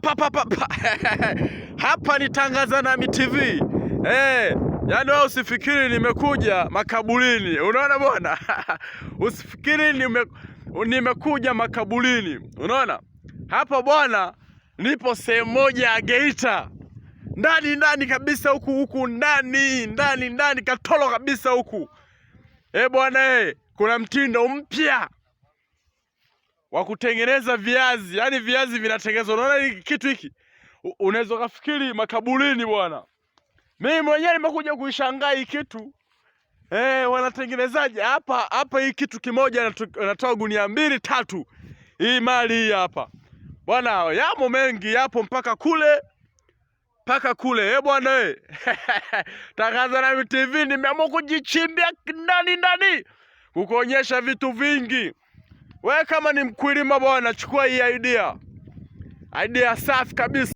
pa, pa, pa, pa, hapa ni nami TV Eh, yani wewe usifikiri nimekuja makaburini, unaona bwana usifikiri nime, nimekuja makaburini, unaona hapa bwana, nipo sehemu moja ya Geita ndani ndani kabisa huku huku ndani ndani ndani katolo kabisa huku e bwana eh, kuna mtindo mpya wa kutengeneza viazi, yaani viazi vinatengenezwa. Unaona hiki kitu hiki, unaweza kufikiri makaburini bwana. Mimi mwenyewe nimekuja kuishangaa hii kitu eh, wanatengenezaje hapa hapa? Hii kitu kimoja natoa gunia mbili tatu, hii mali hii hapa bwana. Yamo mengi, yapo mpaka kule mpaka kule eh bwana eh. Tangaza na TV nimeamua kujichimbia ndani ndani kukuonyesha vitu vingi. We kama ni mkulima bwana, chukua hii idea, idea safi kabisa.